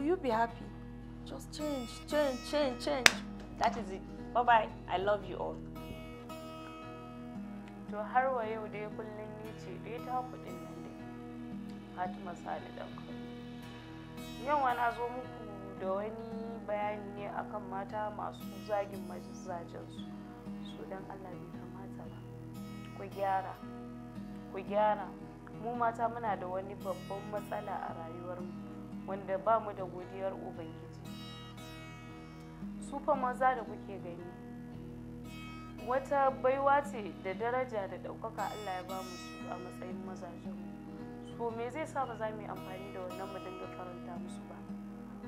will you be happy? Just change, change, change, change. That is it. Bye bye. I love you all. To har wa yau dai kullum ni ce dai ta kuɗin nan dai. Fatima Sale ɗan Yau na zo woman da wani bayani ne akan mata masu zagin mazajensu. Su dan Allah bai kamata ba. Ku gyara. Ku gyara. Mu mata muna da wani babban matsala a rayuwar wanda ba mu da godiyar ubangiji sufa maza da kuke gani wata baiwa ce da daraja da ɗaukaka allah ya ba mu su a matsayin mazajen so me zai sa ba za mu yi amfani da wannan mu dinga faranta musu ba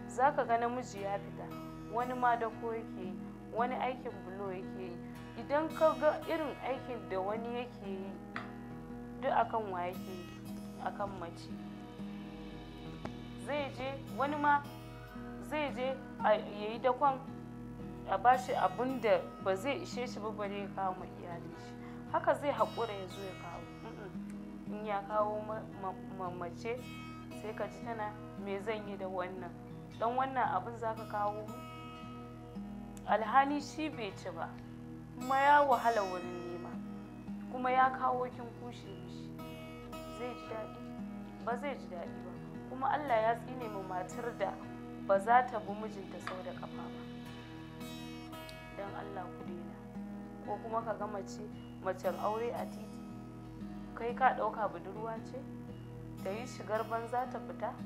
za ka ga namiji ya fita wani ma da ko yake yi wani aikin bulo yake yi idan ka ga irin aikin da wani yake yi duk akan wa yake yi akan mace wani ma zai je ya yi dakon a bashi abun da ba zai ishe shi ba bare ya kawo ma iyalin shi haka zai haƙura ya zo ya kawo in ya kawo mace sai ka ji tana me zan yi da wannan don wannan abin za ka kawo alhali shi bai ci ba kuma ya wahala wurin nema kuma ya kawo kin kushe mishi zai ji daɗi ba zai ji daɗi ba kuma Allah ya tsine mu matar da ba za ta bi mijinta sau da kafa ba don Allah ku daina ko kuma ka ga mace macen aure a titi kai ka ɗauka budurwa ce ta yi shigar banza ta fita